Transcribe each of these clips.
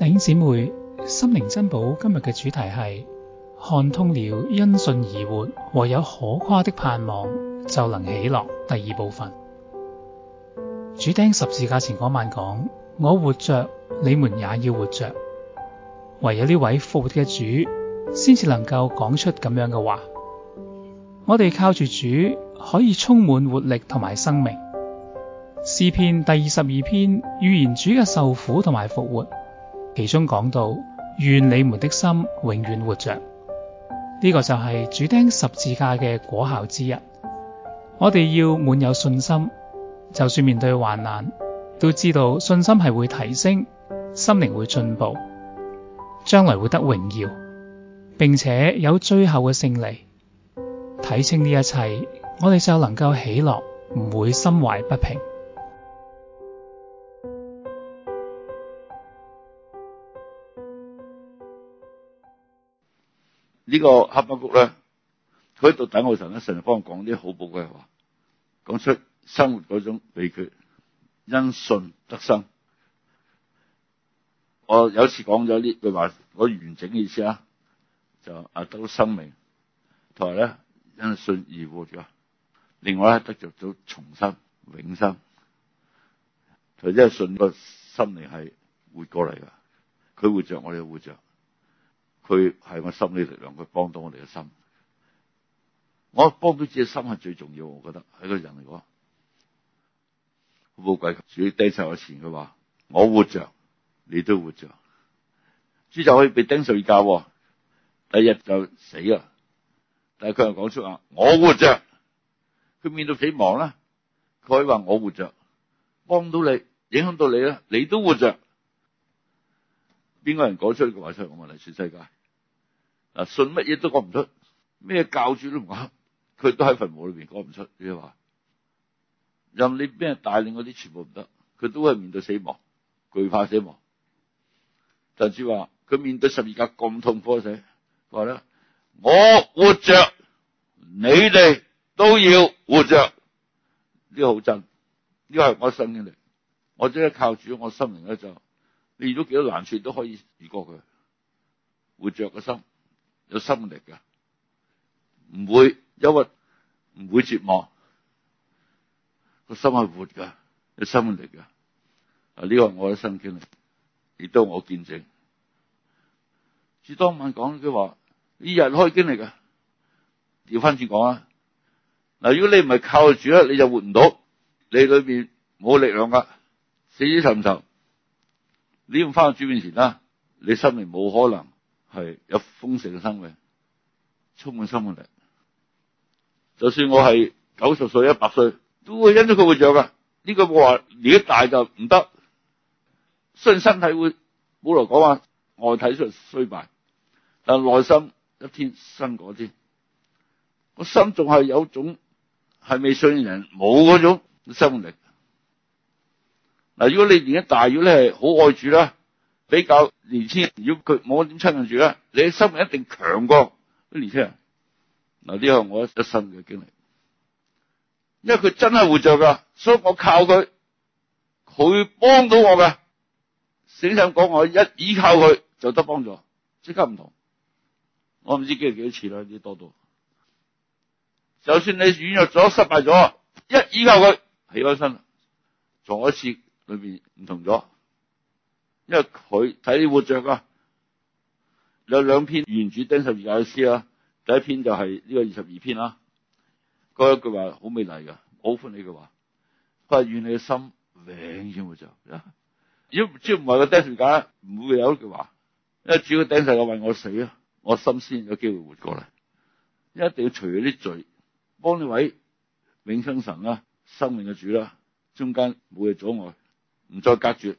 弟兄姊妹，心靈珍寶今日嘅主題係看通了因信而活，和有可誇的盼望就能喜樂。第二部分，主釘十字架前嗰晚講：我活着，你們也要活着。唯有呢位復活嘅主，先至能夠講出咁樣嘅話。我哋靠住主，可以充滿活力同埋生命。詩篇第二十二篇預言主嘅受苦同埋復活。其中講到，願你們的心永遠活着。呢、這個就係主釘十字架嘅果效之一。我哋要滿有信心，就算面對患難，都知道信心係會提升，心靈會進步，將來會得榮耀，並且有最後嘅勝利。睇清呢一切，我哋就能夠喜樂，唔會心懷不平。呢個哈巴谷咧，佢喺度等我嗰陣咧，成日幫我講啲好寶貴嘅話，講出生活嗰種秘訣，因信得生。我有次講咗呢句話，我完整嘅意思啊，就阿都生命，同埋咧因信而活住。另外咧得着咗，重生永生，就因係信個生命係活過嚟噶，佢活着，我哋活着。佢係我心理力量，佢幫到我哋嘅心。我幫到自己的心係最重要的，我覺得喺個人嚟講好寶貴。主釘十字架前佢話我活着，你都活着。主就可以被釘十字架，第一日就死啦。但係佢又講出話我活着，佢面對死亡啦，佢可以話我活着，幫到你，影響到你咧，你都活着。邊個人講出呢句話出嚟？我問你全世界。啊！信乜嘢都講唔出，咩教主都唔肯，佢都喺墳墓裏邊講唔出。你、就、話、是、任你咩帶領，嗰啲全部唔得，佢都係面對死亡，懼怕死亡。甚至話佢面對十字架咁痛苦死，佢話咧：我活着，你哋都要活着。呢個好真，呢個係我生命嚟，我真係靠住，我心靈一就，你遇到幾多難處都可以越過佢，活着嘅心。有心力噶，唔會憂鬱，唔會絕望，個心係活噶，有心力噶。啊，呢個係我一生經歷，亦都我見證。主當晚講句話，呢日可以經歷噶。調翻轉講啊，嗱，如果你唔係靠主咧，你就活唔到，你裏邊冇力量噶，死氣沉沉。你要翻去主面前啦，你生命冇可能。係有豐盛嘅生命，充滿生命力。就算我係九十歲、一百歲，都會因咗佢會長噶。呢、這個冇話年紀大就唔得。雖然身體會，冇話講話外體衰衰敗，但內心一天新果天。我心仲係有種係未信人，冇嗰種生命力。嗱，如果你年紀大，如果你係好愛主啦。比較年青人，如果佢冇點親近住咧，你生命一定強過啲年青人。嗱，呢個係我一生嘅經歷，因為佢真係活着噶所以我靠佢，佢幫到我嘅。醒醒講，我一依靠佢就得幫助，即刻唔同。我唔知幾多幾次啦，呢多到。就算你軟弱咗、失敗咗，一依靠佢起翻身，做一次裏邊唔同咗。因為佢睇你活着噶、啊，有兩篇原主釘十字架嘅詩啦，第一篇就係呢個二十二篇啦、啊，嗰一句話好美麗噶，我好歡喜嘅話，佢話，願你嘅心永遠活着、啊。如果只要唔係個釘十字架唔會有一句話，因為主要釘十字架為我死啊，我心先有機會活過嚟，因為一定要除咗啲罪，幫呢位永生神啦、啊，生命嘅主啦、啊，中間冇嘢阻礙，唔再隔絕。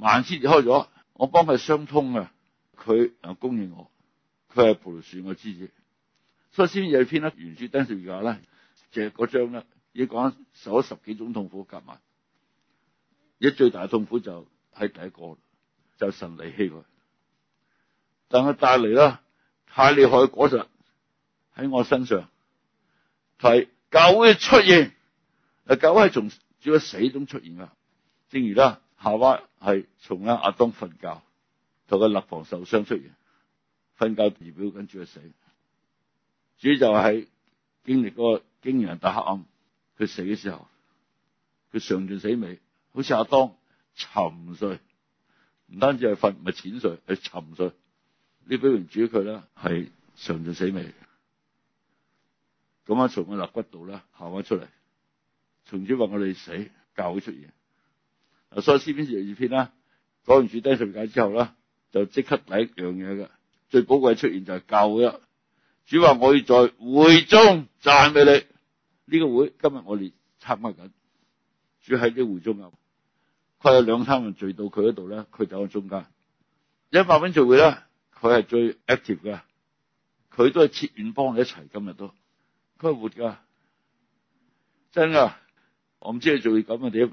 萬枝裂開咗，我幫佢相通啊！佢啊供應我，佢係葡萄樹我枝子。所以先有篇《得完書。當時話咧，就嗰章咧，而講受咗十幾種痛苦夾埋，而最大嘅痛苦就係第一個，就是、神離棄我，但係帶嚟啦太厲害嘅果實喺我身上，係、就是、狗嘅出現，啊狗係從只死中出現噶，正如啦。夏娃係從阿，阿當瞓覺，同佢肋旁受傷出現，瞓覺地表跟住佢死。主就喺經歷嗰個驚人大黑暗，佢死嘅時候，佢嘗盡死味，好似阿當沉睡，唔單止係瞓，唔係淺睡，係沉睡。你、這個、表現主佢咧，係嘗盡死味。咁啊從個肋骨度咧夏娃出嚟，從主話我哋死教佢出現。所以先篇是第二篇啦。講完主低十解之後啦，就即刻第一樣嘢嘅。最寶貴出現就係教會啦。主話我要在會中讚美你。呢個會今日我哋參加緊。主喺啲會中啊，佢有兩三人聚到佢嗰度咧，佢走喺中間。一百蚊聚會咧，佢係最 active 㗎。佢都係設宴幫你一齊。今日都佢係活㗎，真㗎。我唔知佢做嘢咁啊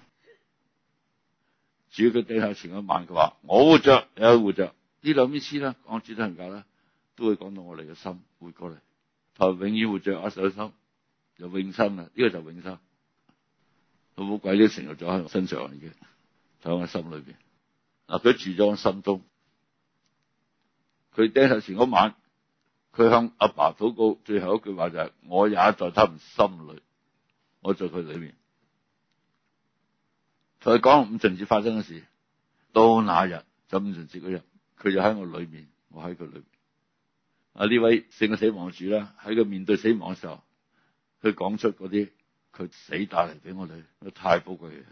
主要佢低下前一晚，佢話我活着，有活着，兩呢兩邊先啦，講主得人教啦，都會講到我哋嘅心活過嚟，就永遠活着嘅心，就永生啊！呢個就永生，老母鬼都承諾咗喺我身上已經，喺我心裏邊。嗱，佢住咗我心中，佢低下前一晚，佢向阿爸禱告，最後一句話就係、是：我也在他們心裏，我在佢裏面。同佢講五旬節發生嘅事，到那日就五旬節嗰日，佢就喺我裏面，我喺佢裏面。啊呢位死亡主在他面對死亡主咧，喺佢面對死亡嘅時候，佢講出嗰啲佢死帶嚟俾我哋，太寶貴嘅嘢，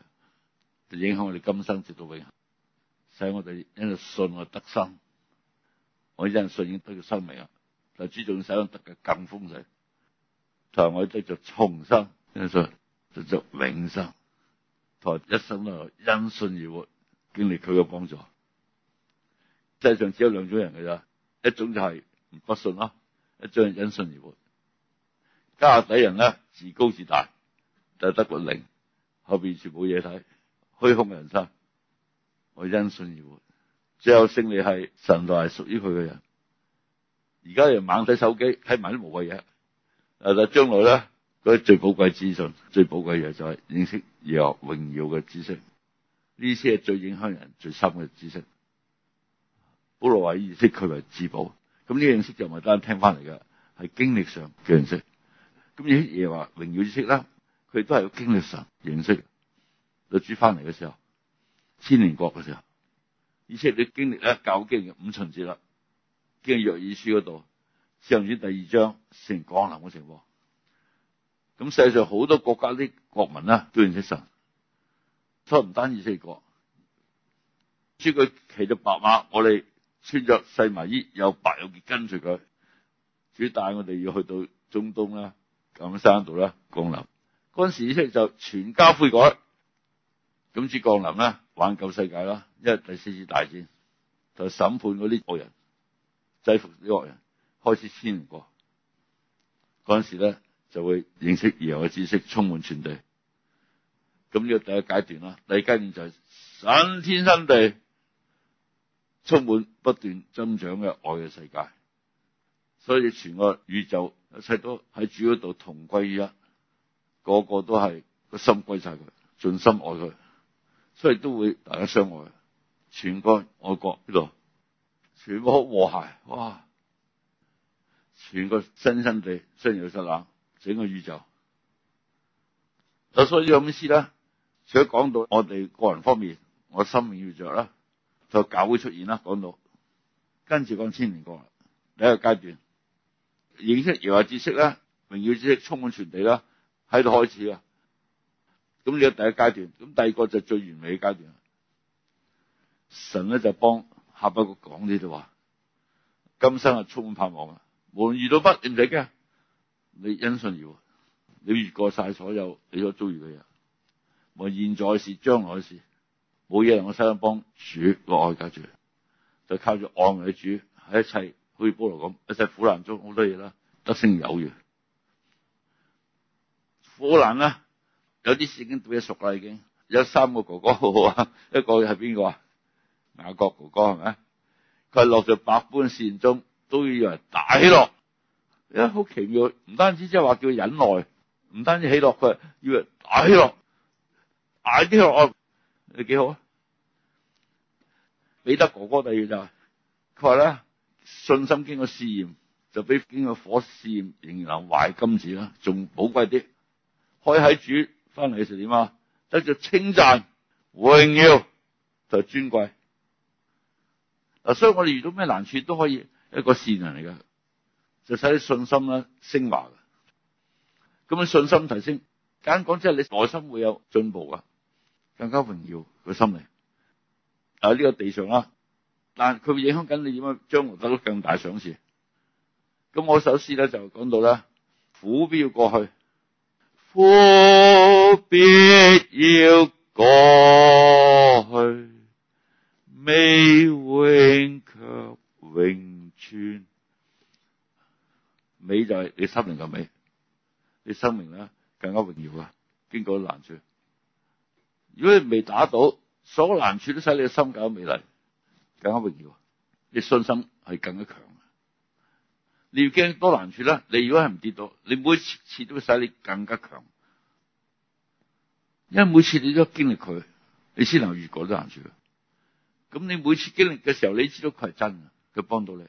就影響我哋今生直到永恒，使我哋因為信我哋得生。我因信已經得咗生命啦，但主仲要使我得嘅更豐盛，就係我要繼續重生，因信繼續永生。同一生啊，因信而活，經歷佢嘅幫助。世上只有兩種人嘅咋，一種就係不信咯，一種因信而活。加勒底人咧自高自大，就係得個零，後邊全部嘢睇，虛空嘅人生。我因信而活，最後勝利係神代係屬於佢嘅人。而家又猛睇手機，睇埋都冇嘅嘢，但係將來咧。嗰啲最寶貴資訊、最寶貴嘢就係認識耶和華榮耀嘅知識，呢些係最影響人最深嘅知識。保羅話認識佢為至寶，咁呢認識就唔係單聽翻嚟嘅，係經歷上嘅認識。咁呢耶和華榮耀知識啦，佢都係要經歷神認識，主翻嚟嘅時候，千年國嘅時候，而且你經歷咗舊經嘅五旬節啦，經約珥書嗰度，上子第二章成講啦嗰成。咁世界上好多國家啲國民啦，都認識神。都唔單止四個，知佢騎著白馬，我哋穿咗細麻衣，又白又潔跟住佢。主帶我哋要去到中東啦，咁山度啦降臨。嗰陣時即係就全家悔改，咁至降臨啦，挽救世界啦，因為第四次大戰就審判嗰啲惡人，制服啲惡人，開始遷過。嗰陣時咧。就會認識耶和華嘅知識，充滿全地。咁呢個第一階段啦，第二階段就係新天新地，充滿不斷增長嘅愛嘅世界。所以全個宇宙一切都喺主嗰度同歸於一，個個都係個心歸晒佢，盡心愛佢，所以都會大家相愛。全個外國呢度，全部好和諧，哇！全個新天地，相擁相攬。整個宇宙，咁所以有咩事咧？除咗講到我哋個人方面，我生命要著啦，就教會出現啦，講到跟住講千年過啦，第一個階段，認識耶和華知識啦，榮耀知識充滿全地啦，喺度開始啊，咁呢個第一階段，咁第二個就是最完美嘅階段，神咧就幫下哈巴谷講啲嘅話，今生啊充滿盼望啊，無論遇到乜嘢唔使驚。」你因信而活，你越過晒所有你所遭遇嘅嘢，無論現在事、將來事，冇嘢能夠單幫主個愛解住，就靠住愛嚟主喺一切，好似保羅咁，一切苦難中好多嘢啦，得勝有餘。苦難啦，有啲事已經讀得熟啦，已經有三個哥哥，啊。一個係邊個啊？雅各哥哥係咪？佢係落住百般試煉中，都要以為大喜樂。好、啊、奇妙，唔單止即係話叫忍耐，唔單止起落，佢要打起落，打啲落，你幾好啊！彼得哥哥第二就是，佢話咧信心經過試驗，就比經過火試驗仍然能壞金子啦，仲寶貴啲。可以喺主翻嚟嘅時候點啊？得稱讚、榮耀就稱讚、榮耀就尊貴。啊，所以我哋遇到咩難處都可以一個善人嚟㗎。就使啲信心啦，升華，嘅，咁啊信心提升，簡單講即係你內心會有進步啊，更加榮耀個心靈。啊、這、呢個地上啦，但係佢會影響緊你點樣將來得到更大賞賜。咁我首詩咧就講到咧，苦必要過去，苦必要過去。就係你心靈嘅美，你生命咧更加榮耀啊！經過難處，如果你未打到，所有難處都使你嘅心，心更加美麗，更加榮耀。你信心係更加強。你要驚多難處啦！你如果係唔跌到，你每次次都會使你更加強，因為每次你都經歷佢，你先能夠越過咗難處。咁你每次經歷嘅時候，你知道佢係真嘅，佢幫到你。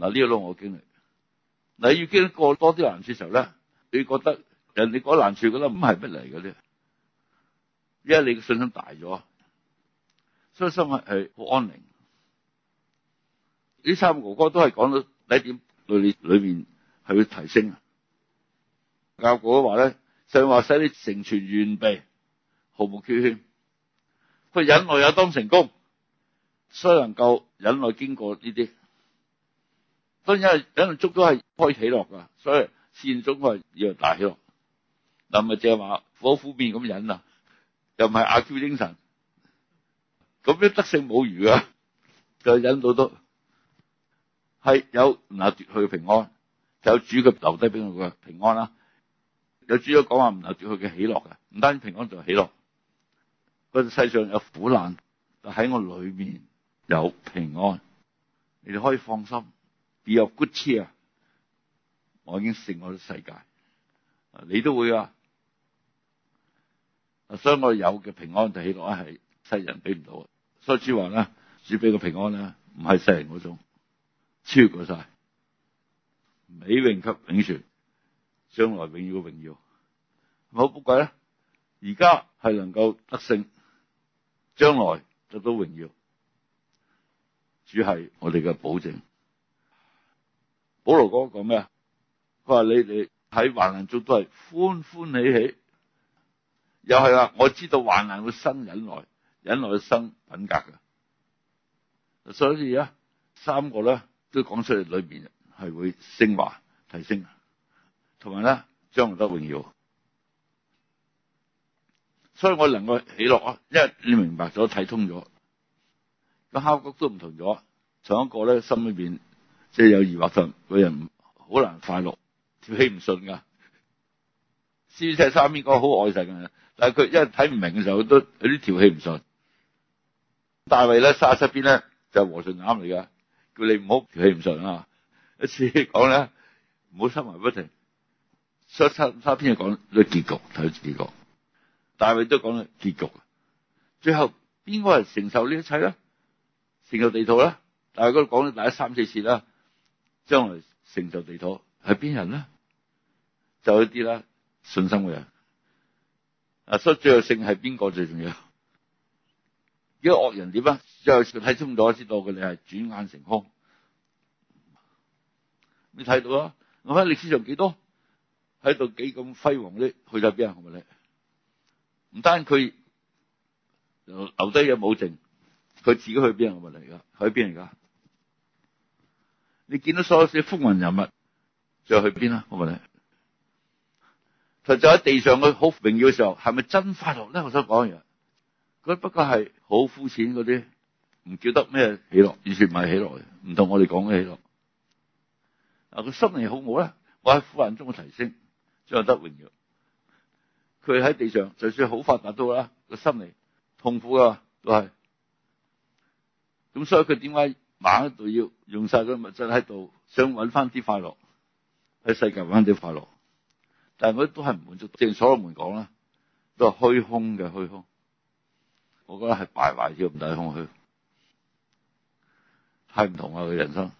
嗱，呢個都我經歷。你要經過多啲難處嘅時候咧，你覺得人哋嗰難處覺得唔係乜嚟嘅咧，因為你嘅信心大咗，所以心係好安寧。呢三個哥哥都係講到你點對你裏面係會提升。雅各話咧，上話使你成全完備，毫無缺欠。佢忍耐也當成功，所以能夠忍耐經過呢啲。當然一路捉都係開喜樂噶，所以善終個要大喜樂。嗱咪就係話火苦面咁忍啦，又唔係阿 Q 精神，咁樣得勝冇餘噶，就忍到到係有唔能奪去平安，有主嘅留低俾佢嘅平安啦。有主都講話唔能奪去嘅喜樂嘅，唔單止平安就係喜樂，世上有苦難喺我裏面有平安，你哋可以放心。有 good 嘢，我已經勝過咗世界，你都會啊，所以我有嘅平安同喜樂係世人俾唔到，所以主話咧，主俾嘅平安咧唔係世人嗰種，超越過晒，美永及永存，將來永遠嘅榮耀，好寶貴咧，而家係能夠得勝，將來得到榮耀，主係我哋嘅保證。保羅哥講咩啊？佢話，你你喺患難中都係歡歡喜喜，又係話我知道患難會生忍耐，忍耐生品格噶。所以啊，三個咧都講出嚟，裏邊係會升華提升，同埋咧將嚟得榮耀。所以我能夠喜樂，啊，因為你明白咗睇通咗，個格局都唔同咗。上一個咧心裏邊。即係有疑惑，個個人好難快樂，調氣唔順㗎。先寫三篇講好愛神啊，但係佢一係睇唔明嘅時候，佢都有啲調氣唔順。大衛咧，三十七篇呢，就係、是、和順啱嚟㗎，叫你唔好調氣唔順啊！一次講呢，唔好心懷不平。七十三篇就講咗結局，睇住結局。大衛都講咗結局，最後邊個係承受呢一切呢？承受地土啦。大衛嗰度講咗大約三四次啦。將來成就地土係邊人咧？就是、一啲啦，信心嘅人。啊，所以最後性係邊個最重要？幾個惡人點啊？最後睇清楚先到佢你係轉眼成空。你睇到啊？我喺歷史上幾多喺度幾咁輝煌啲，去到邊人我問你，唔單佢留低嘢冇剩，佢自己去邊人我問你，噶去邊嚟噶？你見到所有啲風雲人物，就去邊啦？我問你，就喺地上，佢好榮耀嘅時候，係咪真快樂咧？我想講嘢，佢不過係好膚淺嗰啲，唔叫得咩喜樂，完全唔係喜樂，唔同我哋講嘅喜樂。啊，個心理好冇好咧？我喺苦難中嘅提升，先係得榮耀。佢喺地上就算好發達都啦，個心理痛苦噶都係。咁所以佢點解？馬一度要用晒啲物質喺度，想搵返啲快樂，喺世界搵返啲快樂，但係我都係唔滿足。正如所羅門講啦，都係虛空嘅虛空。我覺得係敗壞咗，唔大空虛，太唔同啊，佢人生。